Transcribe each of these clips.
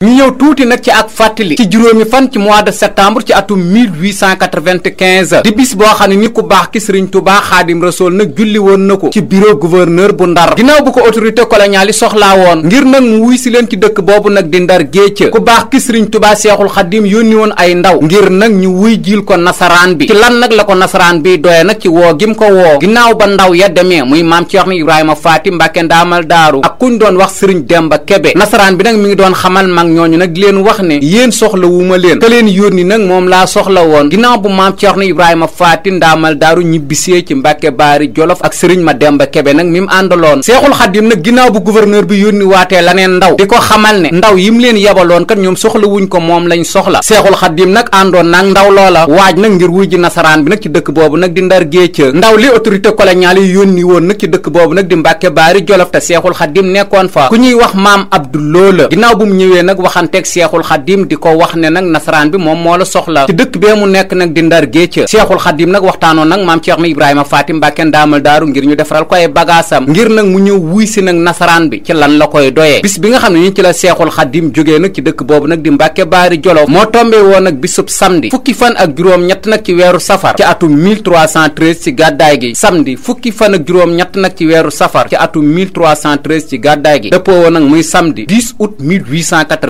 ñu ñëw tuuti nag ci ak fàttali ci juróomi fan ci mois de septembre ci atum 1895 di bis boo xam ne ni ku baax ki sëriñ Tuubaa Xaadim Rasuul nag julli woon na ko ci bureau gouverneur bu Ndar ginnaaw bu ko autorité coloniale yi soxlaa woon ngir nag mu wuy si leen ci dëkk boobu nag di Ndar Géej ku baax ki sëriñ Tuubaa Seexul Xaadim yónni woon ay ndaw ngir nag ñu wuy jiil ko nasaraan bi ci lan nag la ko nasaraan bi doye nag ci woo gim ko woo ginnaaw ba ndaw ya demee muy maam Ceerno Ibrahima Faati Mbàkke Ndaamal Daaru ak doon wax sëriñ Demba Kebe nasaraan bi nag mi ngi doon mag ñooñu nag di leen wax ne yéen soxla wu ma leen ka leen yónni nag moom laa soxla woon ginnaaw bu maam Cerno Ibrahima Faati ndaamal daaru ñibbisee ci Mbàkke Baari Jolof ak sëriñ Mademba Kebe nag mi mu àndaloon Seexul Xadim nag ginnaaw bu gouverneur bi yónni waatee laneen ndaw di ko xamal ne ndaw yim leen yabaloon kat ñoom soxla wuñ ko moom lañ soxla Seexul Xadim nag àndoon nag ndaw loola waaj nag ngir wuy ji nasaraan bi nag ci dëkk boobu nag di nda géej ndaw li autorité coloniale yi yónni woon nag ci dëkk boobu nag di Mbàkke Baari Jolof te Seexul Xadim nekkoon nag waxanteeg seexul xadim di ko wax ne nag nasaraan bi moom moo la soxla ci dëkk bee mu nekk nag di ndar géej seexul xadim nag waxtaanoon nag maam Cheikh mi Ibrahima Faati Mbàkke ndaamal daaru ngir ñu defaral ko ay bagaasam ngir nag mu ñëw wuy nag nasaraan bi ci lan la koy doyee bis bi nga xam ne ñu ci la seexul xadim jógee nag ci dëkk boobu nag di Mbàkke Baari Jolof moo tombe woon nag bisub samedi fukki fan ak juróom-ñett nag ci weeru safar ci atum 1313 ci gàddaay gi samedi fukki fan ak juróom-ñett nag ci weeru safar ci atum 1313 ci gàddaay gi dëppoo woon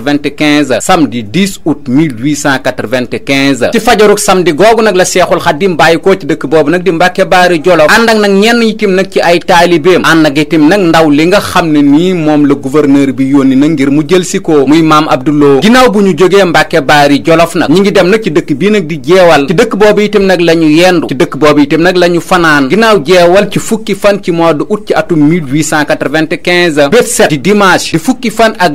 1895 samedi 10 août 1895 ci fajaruk samedi googu nag la seexul xadim bàyyi ci dëkk boobu nag di mbàkke baari jolof ànd ak nag ñenn itim nag ci ay taalibeem ànd ak itim nag ndaw li nga xam ne nii moom la gouverneur bi yónni na ngir mu jël si ko muy maam abduloo ginnaaw bu ñu jógee mbàkke baari jolof nag ñi ngi dem nag ci dëkk bii nag di jeewal ci dëkk boobu itam nag la ñu yendu ci dëkk boobu itam nag la ñu fanaan ginnaaw jeewal ci fukki fan ci mois de août ci atum 1895 bët set di dimanche di fukki fan ak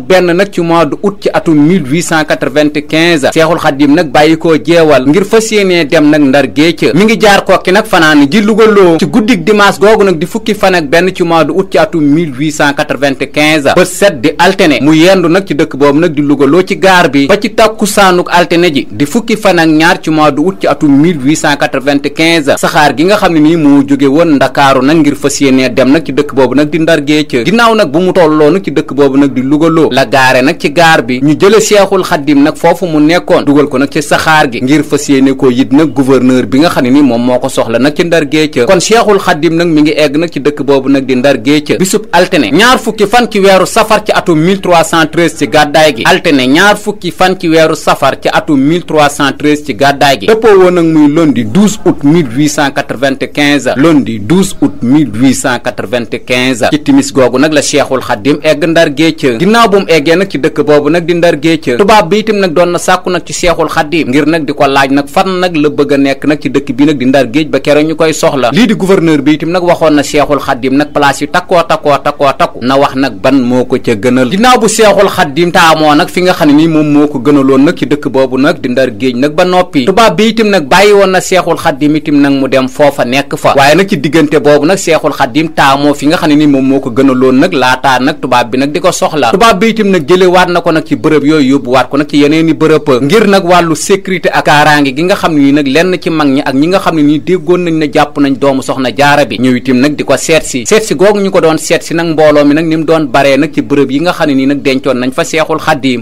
Europe ci atum 1895 Seexul Xaddim nag bàyyi koo jeewal ngir fas yéenee dem nag ndar géej mi ngi jaar kokki nag fanaan ji lugaloo ci guddik dimanche googu nag di fukki fan ak benn ci mois d'août ci atum 1895 ba set di altene mu yendu nag ci dëkk boobu nag di lugaloo ci gaar bi ba ci takkusaanuk altene ji di fukki fan ak ñaar ci mois d'août ci atum 1895 saxaar gi nga xam ne nii moo jóge woon ndakaaru nag ngir fas yéenee dem nag ci dëkk boobu nag di ndar géej ginnaaw nag bu mu tolloo nag ci dëkk boobu nag di lugaloo la gaare nag ci bi ñu jële seexul xaddim nag foofu mu nekkoon dugal ko nag ci saxaar gi ngir fas yéene koo yit nag gouverneur bi nga xam ne ni moom moo ko soxla nag ci ndar géej kon seexul xaddim nag mi ngi egg nag ci dëkk boobu nag di ndar géej bisub altene ñaar fukki fan ci weeru safar ci atum 1313 ci gàddaay gi altene ñaar fukki fan ci weeru safar ci atum 1313 ci gàddaay gi dëppoo woon nag muy lundi 12 a 1895 lundi 12 août 1895 ci timis googu nag la seexul xaddim egg ndar géej ginnaaw bu mu eggee nag nag di ndar géej tubaab bi itam nag doon na sàkku nag ci seexul xaddim ngir nag di ko laaj nag fan nag la bëgg a nekk nag ci dëkk bi nag di ndar géej ba keroog ñu koy soxla lii di bi itam nag waxoon na seexul xaddim nag place yu takkoo takkoo takkoo takku na wax nag ban moo ko ca seexul xaddim taamoo nag fi nga xam ne nii moom moo ko gënaloon nag ci dëkk boobu nag di ndar géej nag ba noppi tubaab bi itam nag bàyyi woon na seexul xaddim itam nag mu dem foofa nekk fa waaye nag ci diggante boobu nag seexul xaddim taamoo fi nga xam ne nii moom moo ko gënaloon nag laataa nag tubaab bi nag di ko ci bërëb yooyu yóbbuwaat ko nag ci yeneen i bërëb ngir nag wàllu sécurité ak kaaraange gi nga xam ne nii nag lenn ci mag ñi ak ñi nga xam ne nii déggoon nañ ne jàpp nañ doomu soxna jaara bi ñëw itam nag di ko seet si seet si googu ñu ko doon seet si nag mbooloo mi nag ni doon baree nag ci bërëb yi nga xam ne nii nag dencoon nañ fa seexul xaddiim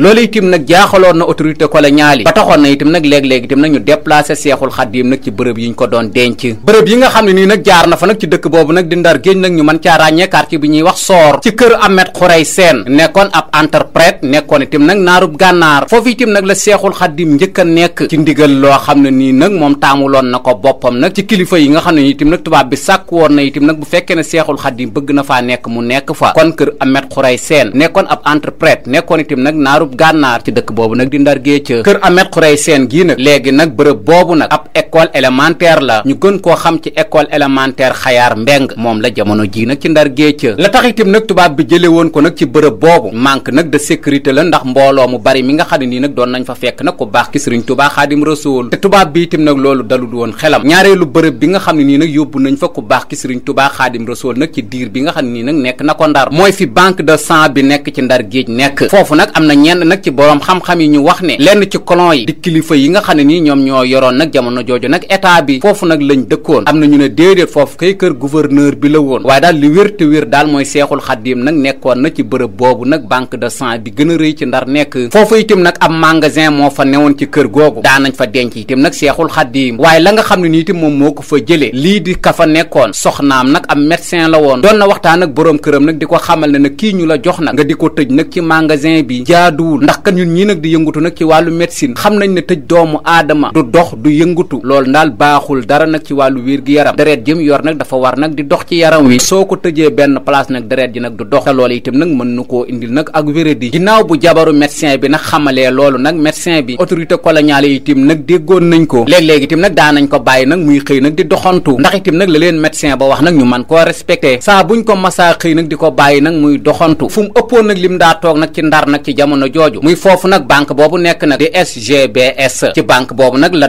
jaaxaloon na autorité coloniale yi ba taxoon na itam nag léeg-léeg itam nag ñu déplacé seexul xaddiim nag ci bërëb yi ko doon denc bërëb yi nga xam ne nii nag jaar na fa nag ci dëkk boobu nag di ndar géej nag ñu mën caa ràññee quartier bi ñuy wax soor ci kër Ahmed Khouray Sène nekkoon ab interprète nekkoon ne tim nag naarub gànnaar foofu itim nag la seexul xaddim njëkk a nekk ci ndigal loo xam ne nii nag moom taamuloon na ko boppam nag ci kilifa yi nga xam ne itim nag tubaab bi sàkk woon na itim nag bu fekkee ne seexul xaddim bëgg na faa nekk mu nekk fa kon kër amet xuray seen nekkoon ab entreprête nekkoon itim nag naarub gànnaar ci dëkk boobu nag di ndar géej kër amet xuray seen gii nag léegi nag bërëb boobu nag ab école élémentaire la ñu gën koo xam ci école élémentaire xayaar mbeng moom la jamono ji nag ci ndar géej la tax itam nag tubaab bi jële woon ko nag ci bërëb boobu manque nag de sécurité la ndax mbooloo mu bari mi nga xam ne nii nag doon nañ fa fekk nag ku baax ki sëriñ tubaa xaadim rasul te tubaab bi itam nag loolu dalul woon xelam ñaareelu bërëb bi nga xam ne nii nag yóbbu nañ fa ku baax ki sëriñ tubaa xaadim rasul nag ci diir bi nga xam ne nii nag nekk na ko ndar mooy fi banque de bi nekk ci ndar géej nekk foofu nag am na ñenn nag ci boroom xam yi ñu wax ne lenn ci colon yi di yi nga xam ne nii ñoom ñoo yoroon nag jamono jooju jooju nag état bi foofu nag lañ dëkkoon am na ñu ne déedéet foofu kay kër gouverneur bi la woon waaye daal li wér te wér daal mooy seexul xaddiim nag nekkoon na ci bërëb boobu nag banque de sang di gën rëy ci ndar nekk foofu itam nag am magasin moo fa newoon ci kër googu daanañ fa denc itam nag seexul xaddiim waaye la nga xam ne nii moom moo ko fa jëlee lii di ka fa nekkoon soxnaam nag am médecin la woon doon na waxtaan ak boroom këram nag di ko xamal ne kii ñu la jox nag di ko tëj nag ci magasin bi jaaduwul ndax ñun ñii nag di yëngutu nag ci wàllu médecine xam nañ ne tëj doomu aadama du dox du yëngutu loolu daal baaxul dara nag ci wàllu wér gi yaram deret jëm yor nag dafa war nag di dox ci yaram wi soo ko tëjee benn place nag deret ji nag du dox te loolu itam nag mën na koo indil nag ak wéradi ginnaaw bu jabaru médecin bi nag xamalee loolu nag médecin bi autorité coloniale yi itam nag déggoon nañ ko léeg-léeg itam nag daanañ ko bàyyi nag muy xëy nag di doxantu ndax itam nag la leen médecin ba wax nag ñu mën koo respecté saa buñ ko masaa xëy nag di ko bàyyi nag muy doxantu fu mu ëppoon nag lim daa toog nag ci ndar nag ci jamono jooju muy foofu nag banque boobu nekk nag di banque boobu nag la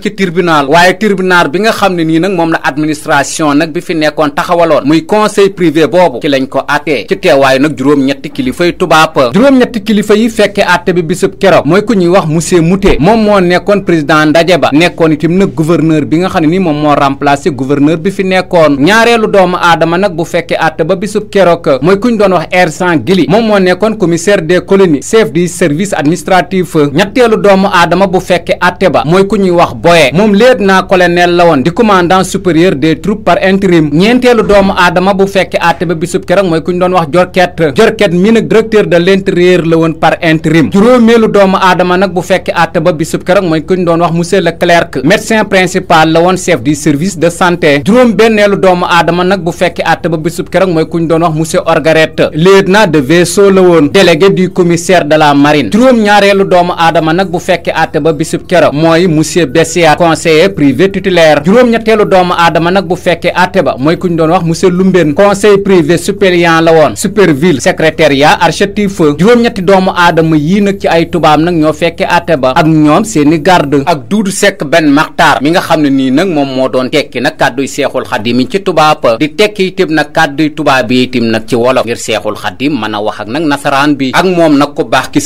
nag ci tribunal waaye tribunal bi nga xam ne nii nag moom la administration nag bi fi nekkoon taxawaloon muy conseil privé boobu ci lañ ko attee ci teewaayu nag juróom-ñetti kilifa yi tubaab juróom-ñetti kilifa yi fekkee atte bi bisub keroog mooy ku ñuy wax monsieur muté moom moo nekkoon président ndaje ba nekkoon itim nag gouverneur bi nga xam ne nii moom moo remplacé gouverneur bi fi nekkoon ñaareelu doomu aadama nag bu fekkee atte ba bisub keroog mooy ku ñu doon wax Ersan Gili moom moo nekkoon commissaire des colonies chef du service administratif ñetteelu doomu aadama bu fekkee atte ba mooy ku ñuy wax Boye moom na colonel la woon di commandant supérieur des troupes par intérim ñeenteelu doomu aadama bu fekke àtte ba bisub keroog mooy ku ñu doon wax jorket jorket mi nag directeur de l'intérieur la woon par intérim juróomeelu doomu aadama nag bu fekke àtte ba bisub keroog mooy ku ñu doon wax monsieur le clerc médecin principal la woon chef du service de santé juróom benneelu doomu aadama nag bu fekke àtte ba bisub keroog mooy ku ñu doon wax monsieur orgaret lieutenant de vaisseau la woon délégué du commissaire de la marine juróom ñaareelu doomu aadama nag bu fekke àtte ba bisub keroog mooy monsieur bes spécial conseiller privé titulaire juróom-ñetteelu doomu aadama nag bu fekkee àtte ba mooy ku ñu doon wax monsieur Lumbeen conseil privé suppléant la woon superville secrétariat architecte juróom-ñetti doomu aadama yii nag ci ay tubaab nag ñoo fekkee àtte ba ak ñoom seeni garde ak Duudu Sekk benn Maxtaar mi nga xam ne nii nag moom moo doon tekki nag kàdduy seexul xadim yi ci tubaab di tekki itam na kàdduy tubaab yi itam nag ci wolof ngir seexul xadim mën a wax ak nag nasaraan bi ak moom nag ku baax ki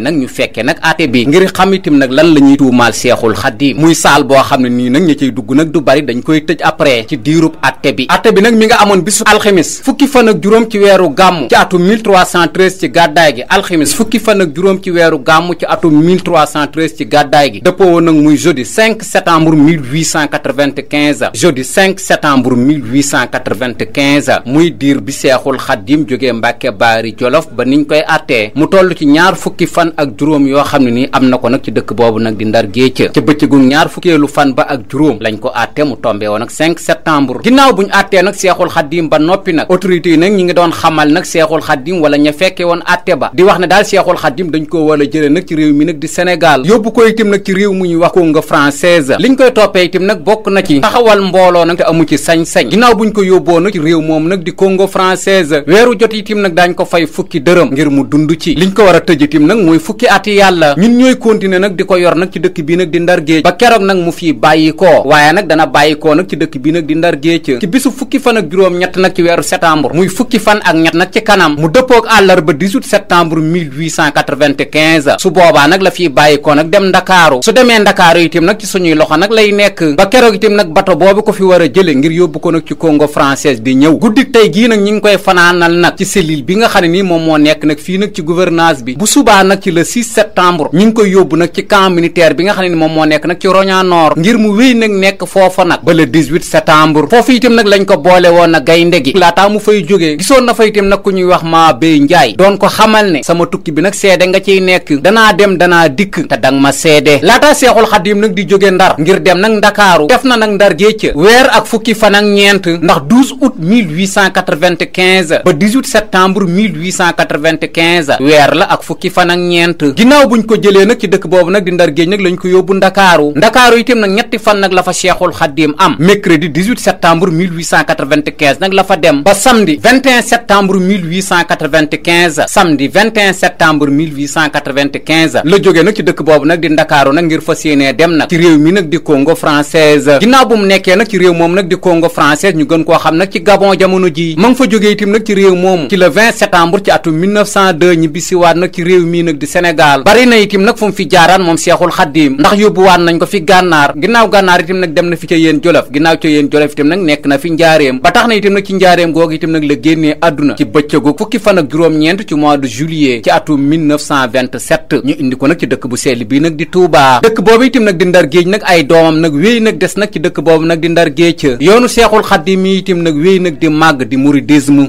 tey nag ñu fekkee nag aate bi ngir xam itam nag lan la ñuy tuumaal seexul xaddiim muy saal boo xam ne nii nag ña cay dugg nag du bari dañ koy tëj après ci diirub atte bi atte bi nag mi nga amoon bisu alxemis fukki fan ak juróom ci weeru gàmm ci atum ci gàddaay gi alxemis fukki fan ak juróom ci weeru gàmmu ci atum 1313 ci gàddaay gi dëppoo woon nag muy jeudi 5 septembre 1895 jeudi 5 septembre 1895 muy diir bi seexul xaddiim jógee mbakke baari jolof ba ni ñu koy attee mu toll ci ñaar fukki fan ak juróom yoo xam ne nii am na ko nag ci dëkk boobu nag di ndar géej ca bëccëgu ñaar fukkeelu fan ba ak juróom lañ ko àtte mu tombé woon nag septembre ginnaaw buñu àttee nag seexul xaddiim ba ña fekke àtte ba di wax ne daal seexul xaddiim dañ ko war a jële nag ci réew mi nag di Sénégal yóbbu ko itam nag ci réew mu ñuy wax Congo française liñ koy toppee itam nag bokk na ci taxawal mbooloo nag te amu ci sañ-sañ ginnaaw buñ ko yóbboo nag a fukki ati yàlla ñun ñooy continuer nag di ko yor nag ci dëkk bii nag di ndar géej ba keroog nag mu fii bàyyi koo waaye nag dana bàyyi koo nag ci dëkk bii nag di ndar ci bisu fukki fan ak juróom nag weeru septembre muy fukki ak ñett nag ci kanam mu dëppook àllarba 18 septembre 1895 su boobaa nag la fi bàyyi koo nag dem ndakaaru su demee ndakaaru itam nag ci suñuy loxo nag lay nekk ba keroog itam nag bato boobu ko fi war a jële ngir yóbbu ko nag ci Congo francaise di ñëw guddi tey gii nag ñi ngi koy fanaanal nag ci cellule bi nga xam ne nii moom moo nekk nag nag ci gouvernance bi ci le 6 septembre ñi ngi koy yóbbu nag ci camp militaire bi nga xam ne ni moom moo nekk nag ci Roña Nord ngir mu wéy nag nekk foofa nag ba le 18 septembre foofu itam nag lañ ko boole woon nag gaynde gi laataa mu fay jógee gisoon na fa itam nag ku ñuy wax maa béy njaay doon ko xamal ne sama tukki bi nag seede nga ciy nekk danaa dem danaa dikk te dang ma seede laataa seexul xadim nag di jóge ndar ngir dem nag ndakaaru def na nag ndar géej weer ak fukki fan ak la ñeent ginnaaw buñ ko jëlee nag ci dëkk boobu nag di ndar géej nag lañ ko yóbbu ndakaaru ndakaaru itam nag ñetti fan nag la fa cheikhul dem nag ci réew mi nag di Congo française ginnaaw bu mu nekkee nag ci réew moom nag di Congo française ñu gën koo xam nag ci Gabon jamono ji ma fa jógee itam nag ci réew moomu ci le 20 ci atum 1902 ñibbisiwaat nag ci réew mii nag di Sénégal bari na itim nag fu mu fi jaaraan moom Seexul Xaddiim ndax yóbbuwaan nañ ko fi gànnaar ginnaaw gànnaar itim nag dem na fi ca yéen jolof ginnaaw ca yéen jolof itam nag nekk na fi njaareem ba tax na itam nag ci njaareem googu itam nag la génnee àdduna ci bëccëgu fukki fan ak juróom-ñeent ci mois de juillet ci atum 1927 ñu indi ko nag ci dëkk bu sell bii nag di Touba dëkk boobu itam nag di ndar géej nag ay doomam nag wéy nag des nag ci dëkk boobu nag di ndar géej yoonu Seexul di màgg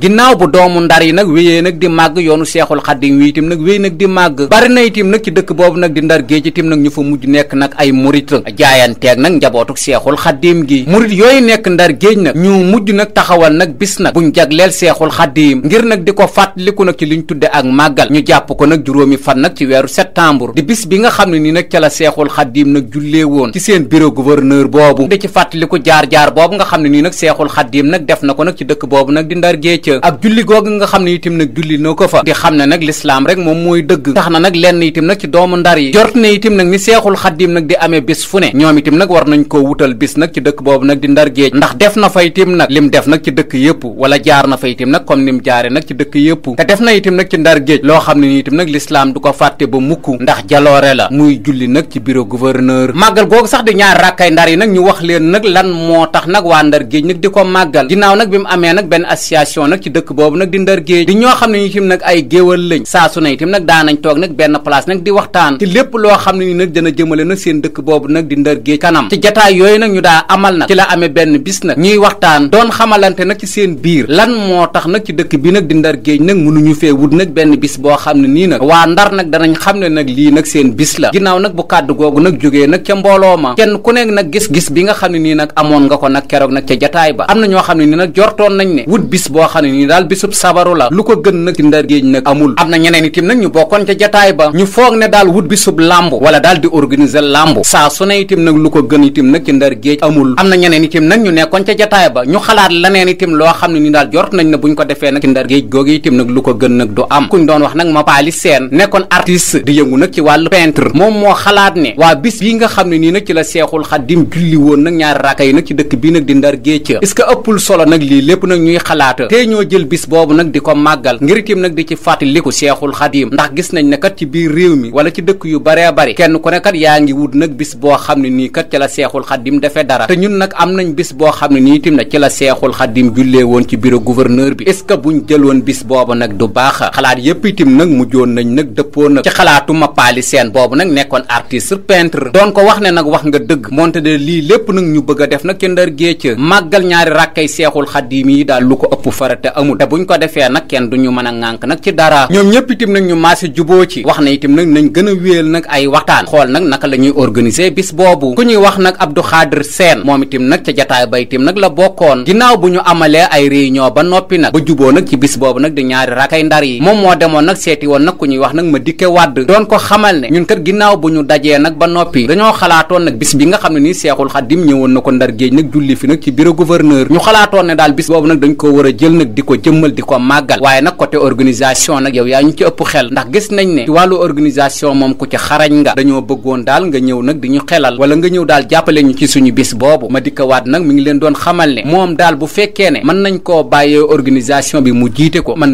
ginnaaw bu doomu ndar yi nag wéyee nag di màgg yoonu Seexul Xaddiim yi itam nag dëgg bari na itim nag ci dëkk boobu nag di ndar géej itim nag ñu fa mujj nekk nag ay murit jaayanteeg nag njabootuk seexul xaddiim gi murit yooyu nekk ndar géej nag ñu mujj nag taxawal nag bis nag buñ jagleel seexul xaddiim ngir nag di ko fàttaliku nag ci ñu tudde ak màggal ñu jàpp ko nag juróomi fan nag ci weeru septembre di bis bi nga xam ne nii nag ca la seexul xaddiim nag jullee woon ci seen bureau gouverneur boobu da ci fàttaliku jaar-jaar boobu nga xam ne nii nag seexul xaddiim nag def na ko nag ci dëkk boobu nag di ndar ak julli googu nga xam ne itim nag julli na ko xam ne nag lislaam rek moom mooy na nag lenn itam nag ci doomu ndar yi jort na itam nag ni seexul xaddim nag di amee bis fu ne ñoom itam nag war nañ koo wutal bis nag ci dëkk boobu nag di ndar géej ndax def yëpp wala jaar na fa itam nag comme ni mu jaare nag ci dëkk yëpp te def na itam nag ci ndar loo xam ne ni itam nag lislaam du ko fàtte ba mukk ndax jaloore la muy julli nag ci bureau gouverneur màggal googu sax di ñaar rakkay ndar yi nag ñu wax leen nag lan moo tax nag waa ndar géej nag di ko màggal ginnaaw nag bi mu amee nag benn association nag ci dëkk boobu nag di ndar géej di ñoo xam ne nag ay géwal lañ saa na itam nag daanañ toog nag benn place nag di waxtaan ci lépp loo xam ne ni nag dana jëmale nag seen dëkk boobu nag di ndër géej kanam ci jataay yooyu nag ñu daa amal nag ci la amee benn bis nag ñuy waxtaan doon xamalante nag ci seen biir lan moo tax nag ci dëkk bi nag di géej nag mënuñu fee nag benn bis boo xam ne nii nag waa ndar nag danañ xam ne nag lii nag seen bis la ginnaaw nag bu kàddu googu nag jógee nag ca mbooloo ma kenn ku nekk nag gis-gis bi nga xam ne nii nag amoon nga ko nag keroog nag ca jataay ba am na ñoo xam ne nii nag jortoon nañ ne wut bis boo xam ne nii daal bisub sabaru la lu ko gën nag ci ndar géej nag amul am na ñeneen itam nag ñu bokkoon ca jataay jotaay ba ñu foog ne daal wut bisub làmb wala daal di lu ko gën itim nag ci ndar géej amul am na ñeneen itim nag ñu nekkoon ca jotaay ba loo xam ne ni daal jort nañ ne buñ ko defee nag ci ndar géej googu itim nag doon wax nag ma paali seen nekkoon artiste di yëngu nag ci wàllu peintre moom moo xalaat ne waa bis bii nga xam ne nii nag ci la seexul xaddim julli woon nag ñaari raaka yi nag ci dëkk bii nag di ndar géej ca est-ce que ëppul solo nag lii lépp nag ñuy xalaata tey ñoo jël bis boobu nag di ko màggal ngir itim nag di ci fàttaliku seexul xaddim ndax gis nañ ne kat ci biir réew mi wala ci dëkk yu baree bari kenn ku ne kat yaa ngi wut nag bis boo xam ne nii kat ci la seexul xaddim defee dara te ñun nag am nañ bis boo xam ne nii tim ci la seexul xaddim jullee woon ci bureau gouverneur bi est-ce que buñ jëloon bis boobu nag du baax xalaat yépp itim nag mujjoon nañ nag dëppoo nag ci xalaatu ma paali seen boobu nag nekkoon artiste peintre doon ko wax ne nag wax nga dëgg monte de lii lépp nag ñu bëgg a def nag ci ndar géej màggal ñaari rakkay seexul xaddim yi daal lu ko ëpp farate amul te buñ ko defee nag kenn duñu mën a ŋànk ci wax na itam nag nañ gën a nag ay waxtaan xool nag naka la ñuy bis boobu ku ñuy wax nag Abdou Khadre Sène moom itam nag ca jataay ba itam nag la bokkoon ginnaaw bu ñu amalee ay réunion ba noppi nag ba juboo nag ci bis boobu nag di ñaari rakay ndar yi moom moo demoon nag seeti woon nag ku ñuy wax nag ma dikke wàdd doon ko xamal ne ñun kat ginnaaw bu ñu dajee nag ba noppi dañoo xalaatoon nag bis bi nga xam ne nii Seexul Xadim ñëwoon na ko ndar géej nag julli fi nag ci bureau gouverneur daal bis boobu nag ko a jël nag ko jëmmal di ko màggal waaye nag côté organisation nag yow yaa ñu ci ëpp xel ne wàllu organisation moom ku ci xarañ nga dañoo bëggoon daal nga ñëw nag di ñu xelal wala nga ñëw daal jàppale ñu ci suñu bis boobu ma dikkawaat nag mi ngi leen doon xamal mu jiite ko na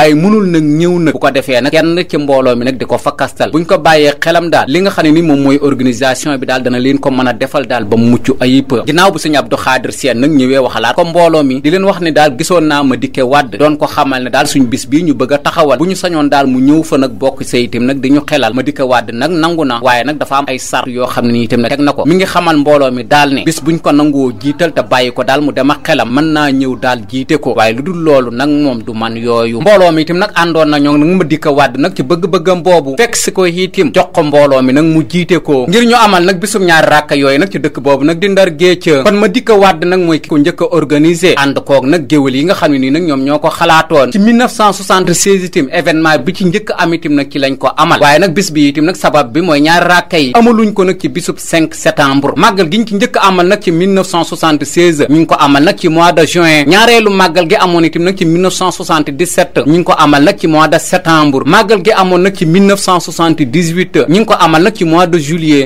a ko defee nag kenn ci mbooloo mi nag di ko fakkastal buñ ko bàyyee xelam daal li nga xam ne ni moom mooy organisation bi daal dana leen ko mën a defal daal ba mucc ayib ginnaaw bu sëñ Abdou Xaadir Seen nag ñëwee waxalaat ko mbooloo mi di leen wax ne daal gisoon naa ma dikke wàdd doon ko xamal ne daal suñu bis bii ñu bëgg a taxawal bu ñu sañoon daal mu ñëw fa nag bokk say itam nag di ñu xelal ma di ko wàdd nag nangu na waaye nag dafa am ay sart yoo xam ne ni itam nag teg na ko mi ngi xamal mbooloo mi daal ne bis buñ ko nangoo jiital te bàyyi ko daal mu dem ak xelam mën naa ñëw daal jiite ko waaye lu dul loolu nag moom du man yooyu mbooloo mi nag àndoon na ñoo nag ma di ko wàdd nag ci bëgg-bëggam boobu fekk si ko itim jox ko mbooloo mi nag mu jiite ko ngir ñu amal nag bisum ñaari ràkka yooyu nag ci dëkk boobu a organiser yi nga xam ne nii nag ñoom ñoo ko xalaatoon ci 1976 itim événement waaye bi ci njëkk am itam nag ci lañ ko amal waaye nag bis bi itam nag sabab bi mooy ñaari raaka yi amaluñ ko nag ci bisub 5 septembre gi ñu ci njëkk amal nag ci mois de juin ñaareelu gi amoon nag ci 1977 ko amal nag ci mois de septembre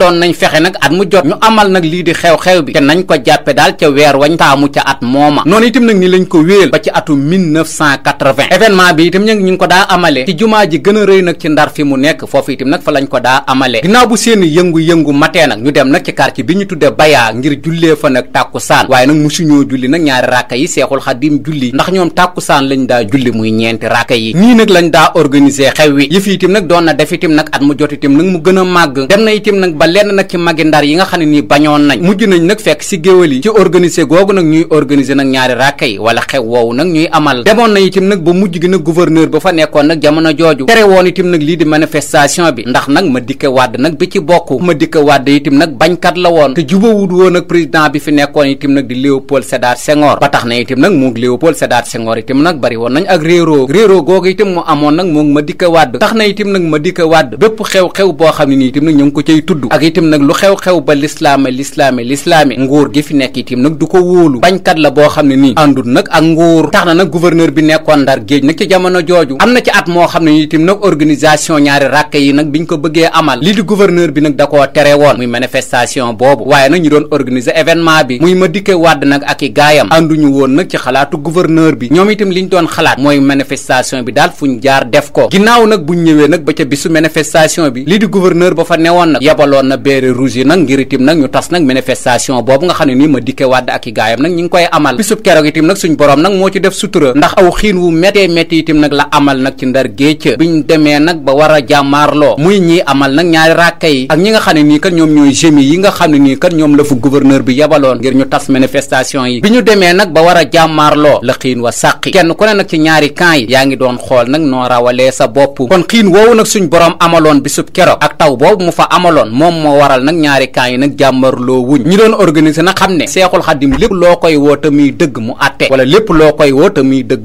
doon nañ fexe nag at mu jot ñu amal nag lii di xew-xew bi te nañ ko jàppe daal ca weer wañ taamu ca at mooma noonu itam nag ni lañ ko wéel ba ci atum événement bi itam ñu ngi ko daa amalee jumaa ji gën a rëy nag ci ndar fi mu nekk foofu itam nag fa lañ ko daa amale ginnaaw bu seen yëngu-yëngu matee nag ñu dem nag ci quartier bi ñu tudde bayaa ngir jullee fa nag tàkkusaan waaye nag musuñoo julli nag ñaari raaka yi seexul xadim julli ndax ñoom tàkkusaan lañ daa julli muy ñeenti raaka yi nii nag lañ daa organiser xew wi yëf itam nag doon na def itam nag at mu jot itam nag mu gën a màgg dem na itam nag ba lenn nag ci magi ndar jamono jooju tere woon itam nag lii di manifestation bi ndax nag ma dikke wàdd nag bi ci bokk ma dikke wàdd itam nag bañkat la woon te jubawut woon ak président bi fi nekkoon itam nag di Léopold Sédar Senghor ba tax na itam nag mu Léopold Sédar Senghor itam nag bari woon nañ ak réeroo réeroo googu itam mu amoon nag moom ma dikke wàdd tax na itam nag ma dikke wàdd bépp xew-xew boo xam ne ni itam nag ñu ngi ko cay tudd ak itam nag lu xew-xew ba lislaame lislaame lislaame nguur gi fi nekk itam nag du ko wóolu bañkat la boo xam ne nii àndul nag ak nguur tax na nag gouverneur bi nekkoon Ndar géej nag xam ne itam nag organisation ñaari ràkke yi nag biñ ko bëggee amal lii di gouverneur bi nag da koo tere woon muy manifestation boobu waaye nag ñu doon organiser événement bi muy ma dikke wàdd nag ak gaayam nag ba bi lii di ñu koy amal bisub keroog itam nag suñ borom nag moo ci def sutura ndax aw xiin wu méttee métti itam nag la amal nag ci ndar géej ca biñ demee nag ba war a jàmmaarloo muy ñii amal nag ñaari ràkka yi ak ñi nga xam ne nii kat ñoom ñooy gémi yi nga xam ne nii kat ñoom la fu gouverneur bi yabaloon ngir ñu tas manifestation yi bi ñu demee nag ba war a jàmmaarloo la xiin wa sàqi kenn ku ne nag ci ñaari camp yi yaa ngi doon xool nag noo rawalee sa bopp kon xiin woowu nag suñ boroom amaloon bisub keroog ak taw boobu mu fa amaloon moom moo waral nag ñaari camp yi nag jàmmarloo wuñ ñi doon organiser nag xam ne seexul xadim lépp loo koy woo te dëgg mu atte wala lépp loo koy woo te muy nag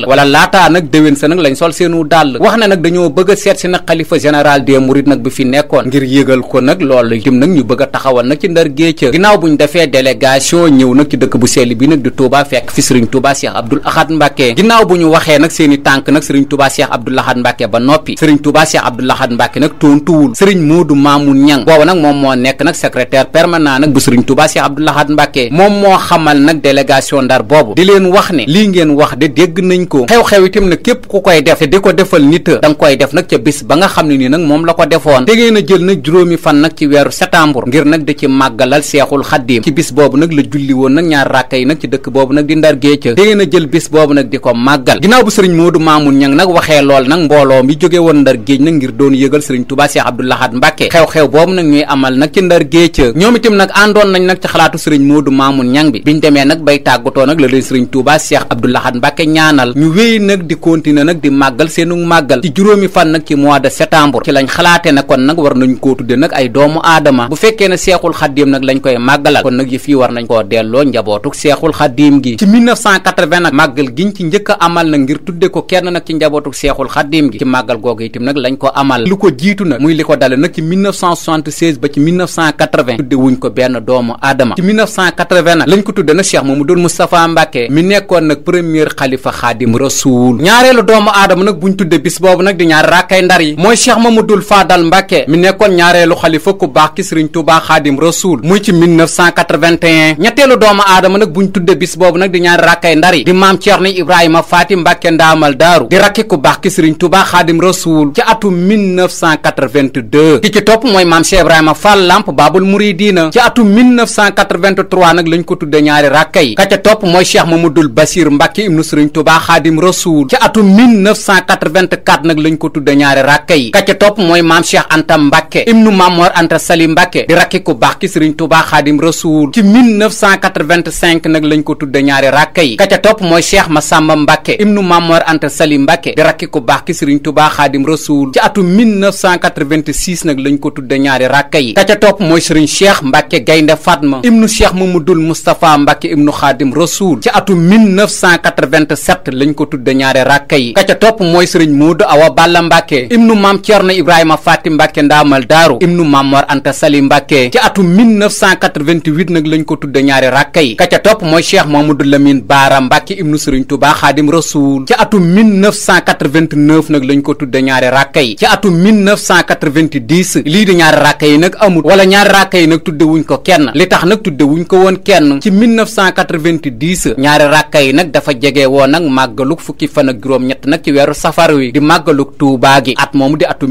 dàll wala laataa nag déwén sa nag lañ sol seenu dàll wax ne nag dañoo bëgg a seet si nag xalifa général des mourides nag bi fi nekkoon ngir yëgal ko nag loolu tim nag ñu bëgg taxawal nag ci ndar géej ginnaaw buñ defee délégation ñëw nag ci dëkk bu sell bi nag di Touba fekk fi Serigne Touba Cheikh Abdoul Ahad Mbacké ginnaaw bu ñu waxee nag seeni tànk nag Serigne Touba Cheikh Abdoul Ahad Mbacké ba noppi Serigne Touba Cheikh Abdoul Ahad Mbacké nag tontuwul Serigne Modou Mamoun Niang booba nag moom moo nekk nag secrétaire permanent nag bu Serigne Touba Cheikh Abdoul Ahad Mbacké moom moo xamal nag délégation ndar boobu di nañ ko xew-xew itam nag képp ku koy def te di ko defal nit da koy def nag ca bis ba nga xam ne nii nag moom la ko defoon te ngeen a jël nag juróomi fan nag ci weeru septembre ngir nag di ci màggalal seexul xaddiim ci bis boobu nag la julli woon nag ñaar ràkka yi nag ci dëkk boobu nag di ndar géej te ngeen a jël bis boobu nag di ko màggal ginnaaw bu sëriñ Moodu Maamun ñang nag waxee lool nag mbooloo mi jóge woon ndar géej nag ngir doon yëgal sëriñ Tuubaa Seex Abdul Ahad Mbàkke xew-xew boobu nag ñuy amal nag ci ndar géej ñoom itam nag àndoon nañ nag ci xalaatu sëriñ Moodu Maamun ñang bi biñ demee nag bay tàggatoo nag la leen sëriñ Tuubaa Seex Abdul Ahad ñu wéy nag di continuer nag di màggal seenu màggal ci juróomi fan nag ci mois de septembre ci lañ xalaate na kon nag war nañ koo tudde nag ay doomu adama bu fekkee ne seexul xaddiim nag lañ koy màggalal kon nag yëf yi war nañ koo delloo njabootuk seexul xaddiim gi ci 1980 nag màggal giñ ci njëkk amal nag ngir tudde ko kenn nag ci njabootuk seexul xaddiim gi ci màggal googu itam nag lañ ko amal lu ko jiitu nag muy li ko dale nag ci 1976 ba ci 1980 tudde wuñ ko benn doomu aadama ci 1980 nag lañ ko tudde nag Cheikh Mamadou Moustapha Mbacké mi nekkoon nag premier xalifa xaadim xaadimu rasuul ñaareelu doomu aadama nag buñ tudde bis boobu nag di ñaari rakkay ndar yi mooy cheikh mamadul faadal mbàkke mi nekkoon ñaareelu xalifa ku baax ki sëriñ tuubaa xaadim rasuul muy ci 1981 ñetteelu doomu aadama nag buñ tudde bis boobu nag di ñaari rakkay ndar yi di maam ceerno ibrahima faati mbàkke ndaamal daaru di rakki ku baax ki sëriñ tuubaa xaadim rasuul ci atu 1982 ki ci topp mooy maam cheikh ibrahima fall lamp baabul muridiina ci atu 1983 nag lañ ko tudde ñaari rakka yi ka ca topp mooy ma cheikh mamadul basir mbàkke ibnu sëriñ tuubaa xaadim rasuul ci atum 1984 nag lañ ko tudde ñaari ràkke yi ka ca topp mooy maam cheikh anta mbàkke ibnu mamor anta sali mbàkke di rakki ku baax ki sëriñ tubaa xaadim rasuul ci 1985 nag lañ ko tudde ñaari ràkke yi ka ca topp mooy cheikh masamba mbàkke ibnu mamor anta sali mbàkke di rakki ku baax ki sëriñ tubaa xaadim rasuul ci atum 1986 nag lañ ko tudde ñaari ràkke yi ka ca topp mooy sëriñ cheikh mbàkke gaynde fatma ibnu cheikh mamadul mustapha mbàkke ibnu xaadim rasuul ci atum 1987 lañ ko tudde ñaari ràkka yi ka topp mooy sëriñ Muudu Awa Balla Mbàkke ibnu maam Ceerno Ibrahima Faati Mbàkke ndaamal daaru ibnu maam Mor Anta Sali Mbàkke ci atum 1988 nag lañ ko tudde ñaari ràkka yi ka topp mooy Cheikh Mamadou Lamine Baara Mbàkke ibnu sëriñ Tuubaa Xaadim Rasuul ci atum 1989 nag lañ ko tudde ñaari ràkka yi ci atum 1990 lii di ñaari ràkka yi nag amul wala ñaari ràkka yi nag tudde wuñ ko kenn li tax nag tudde wuñ ko woon kenn ci 1990 ñaari ràkka yi nag dafa jege woon nag màggalug fukki fan ak juróom-ñett nag ci weeru safar wi di màggalug Tuubaa gi at moomu di atum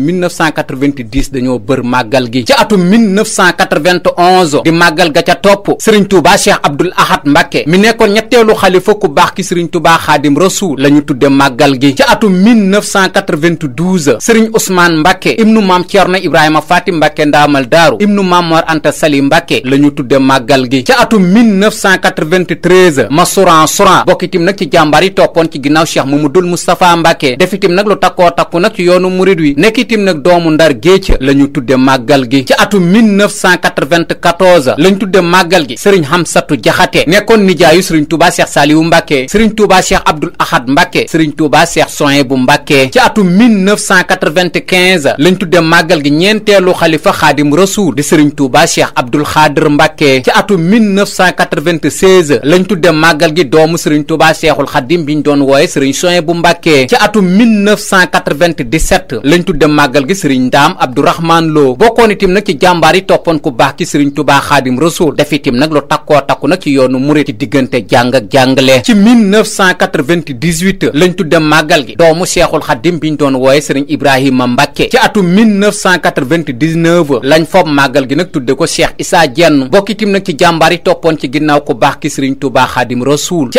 dañoo bër màggal gi ci atum di màggal ga ca topp Serigne Touba Cheikh Abdoul Ahad Mbacke mi nekkoon ñetteelu xalifa ku baax ki Serigne Touba Xaadim Rasuul la ñu tudde màggal gi ci atum 1992 Serigne Ousmane Mbacke ibnu maam Thierno Ibrahima Faati Mbacke Ndaamal Daaru ibnu maam Mor Anta Sali Mbacke la ñu tudde màggal gi ci atum 1993 Masuran Suran bokk nag ci jàmbaar yi toppoon nekkoon ci ginnaaw cheikh mamadul moustapha mbàkke def itim nag lu takkoo takku nag ci yoonu murid wi nekk itim nag doomu ndar géej la tudde màggal gi ci atum 1994 lañ tudde màggal gi sëriñ Hamsatu Jaxate nekkoon nijaayu sëriñ Touba Cheikh Saliou Mbàkke sëriñ Touba Cheikh Abdoul Ahad Mbàkke sëriñ Touba Cheikh Soye bu Mbàkke ci atum 1995 tudde màggal gi ñeenteelu xalifa xaadim rasuul di sëriñ Touba Cheikh Abdoul Xaadir Mbàkke ci atum 1996 lañ tudde màggal gi doomu sëriñ Touba Cheikhul doon wooye sëriñ Souhaïbou Mbacké ci atum 1997 lañ tudde màggal gi sëriñ Ndaam Abdourahmane Lo bokkoon itim nag ci jàmbaar yi toppoon ku baax ki sëriñ Touba Xaadim Rasuul def itim nag lu takkoo takku nag ci yoonu murit ci diggante jàng ak jàngale ci lañ tudde màggal gi doomu Seexul Xaadim biñ doon wooye sëriñ Ibrahima Mbacké ci atum 1999 lañ fob màggal gi nag tudde ko Cheikh Issa Diène bokk itim nag ci jàmbaar yi toppoon ci ginnaaw ku baax ki sëriñ Touba Xaadim Rasuul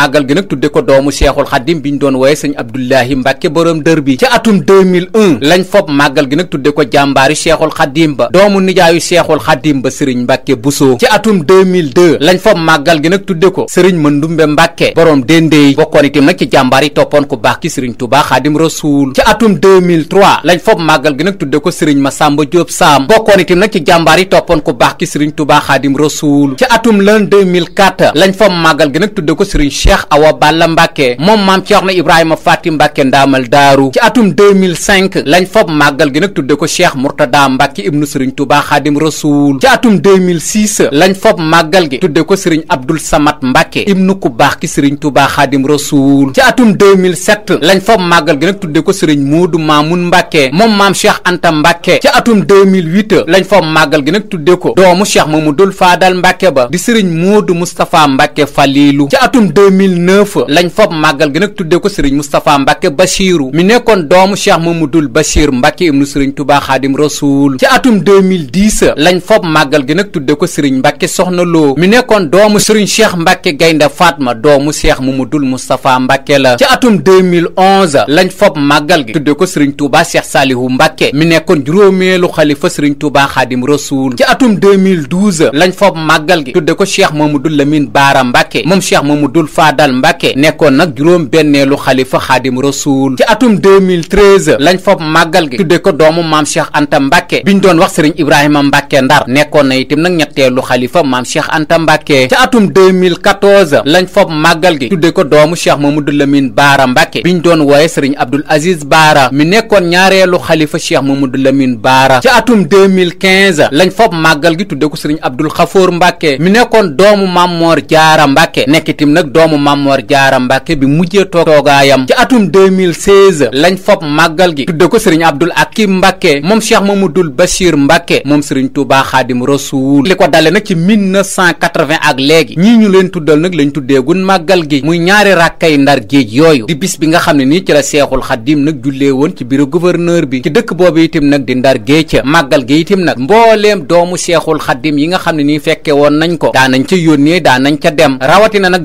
màggal gi nag tudde ko doomu seexul xaddim bi ñu doon wooye sëñ abdullahi mbàkke borom dër bi ci atum 2001 lañ fob màggal gi nag tudde ko jàmbaari seexul xaddim ba doomu nijaayu seexul xaddim ba sëriñ mbàkke busoo ci atum 2002 lañ fob màggal gi nag tudde ko sëriñ mëndumbe mbàkke borom déndéey bokkoon itam nag ci jàmbaar yi toppoon ku baax ki sëriñ tubaa xaadim rasuul ci atum 2003 lañ fob maggal gi nag tudde ko sëriñ masamba jóob saam bokkoon itam nag ci jàmbaar yi toppoon ku baax ki sëriñ tubaa xaadim rasuul ci atum lan 2004 lañ fob màggal gi nag tudde ko sëriñ Cheikh Awa Balla Mbàkke moom maam Ceerno Ibrahima Faati Mbàkke ndaamal daaru ci atum 2005 lañ fob màggal gi nag tudde ko Cheikh Murtada Mbàkke ibnu Sëriñ Tuubaa Xaadim Rasuul ci atum 2006 lañ fob màggal gi tudde ko Sëriñ Abdul Samad Mbàkke ibnu ku baax ki Sëriñ Tuubaa Xaadim Rasuul ci atum 2007 lañ fob màggal gi nag tudde ko Sëriñ Moodu Maamun Mbàkke moom maam Cheikh Anta Mbàkke ci atum 2008 lañ fob màggal gi nag tudde ko doomu Cheikh Mamadul Faadal Mbàkke ba di Sëriñ Moodu Mustafa Mbàkke Faliilu ci atum 2000 2009 lañ fob màggal gi nag tuddee ko sëriñ Moustapha Mbacke Bachiru mi nekkoon doomu Cheikh Mamadul Bachir Mbacke ibnu sëriñ Touba Xaadim Rasoul ci atum 2010 lañ fob màggal gi nag tuddee ko sëriñ Mbacke Soxna Lo mi nekkoon doomu sëriñ Cheikh Mbacke Gaynde Fatma doomu Cheikh Mamadul Moustapha Mbacke la ci atum 2011 lañ fob màggal gi tuddee ko sëriñ Touba Cheikh Salihu Mbacke mi nekkoon juróomeelu xalifa sëriñ Touba Xaadim Rasoul ci atum 2012 lañ fob màggal gi tuddee ko Cheikh Mamadul Lamine Baara Mbacke moom Cheikh Mamadul Fadal Mbacke nekkoon nag juróom benneelu xalifa xaadim rasuul ci atum 2013 lañ fob màggal gi tudde ko doomu maam Cheikh Anta Mbacke biñ doon wax sëriñ Ibrahima Mbacke Ndar nekkoon na itam nag ñetteelu xalifa maam Cheikh Anta Mbacke ci atum 2014 lañ fob maggal gi tudde ko doomu Cheikh Mamadou Lamine Baara Mbacke biñ doon wooye sëriñ Abdoul Aziz Baara mi nekkoon ñaareelu xalifa Cheikh Mamadou Lamine Baara ci atum 2015 lañ fob màggal gi tudde ko sëriñ Abdoul Xafoor Mbacke mi nekkoon doomu Maam Moor Jaara Mbacke nekk itam nag doomu doomu Mamor Jaara Mbàkke bi mujjee toog toogaayam ci atum 2016 lañ fob màggal gi tudde ko sëriñ Abdul Akim Mbàkke moom ma Cheikh dul Bachir Mbàkke moom sëriñ Tuubaa Xaadim Rasuul li ko dale nag ci cent 1980 ak léegi ñii ñu leen tuddal nag tuddee gun màggal gi muy ñaari ràkkay ndar géej yooyu di bis bi nga xam ne nii ci la Seexul Xaadim nag jullee woon ci bureau gouverneur bi ci dëkk boobu itam nag di ndar géej ca màggal gi itam nag mbooleem doomu Seexul Xaadim yi nga xam ne nii fekke woon nañ ko daanañ ca yónnee daanañ ca dem rawatina nag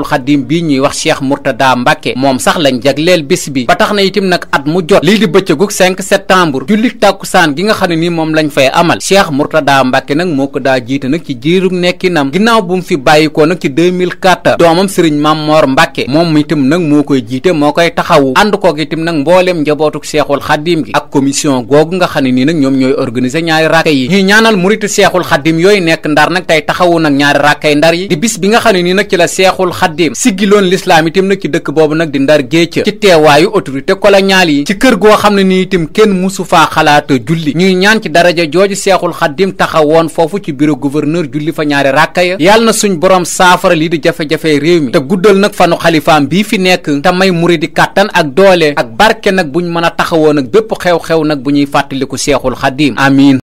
cheikhul xadim bii ñuy wax cheikh murtada mbàkke moom sax lañ jagleel bés bi ba tax na itam nag at mu jot lii di bëccëgug 5 septembre julli tàkkusaan gi nga xam ne ni moom lañ fay amal cheikh murtada mbàkke nag moo ko daa jiite nag ci jiirug nekkinam ginnaaw bu mu fi bàyyikoo nag ci 2004 doomam sëriñ mammoor mbàkke moom itam nag moo koy jiite moo koy taxawu ànd koog itam nag mbooleem njabootuk cheikhul xadim gi ak commission googu nga xam ne nii nag ñoom ñooy organiser xaddiim siggiloon lislaam itam nag ci dëkk boobu nag di ndar géej ci teewaayu autorité coloniale yi ci kër goo xam ne ni itam kenn musu faa xalaata julli ñuy ñaan ci daraja jooju seexul xaddiim taxawoon foofu ci bureau gouverneur julli fa ñaari ràkka ya yàlla na suñ borom saafara lii di jafe-jafe réew mi te guddal nag fanu xalifaam bii fi nekk te may muridi kàttan ak doole ak barke nag buñ mën a taxawoon ak bépp xew-xew nag bu ñuy fàttaliku seexul xaddiim amiin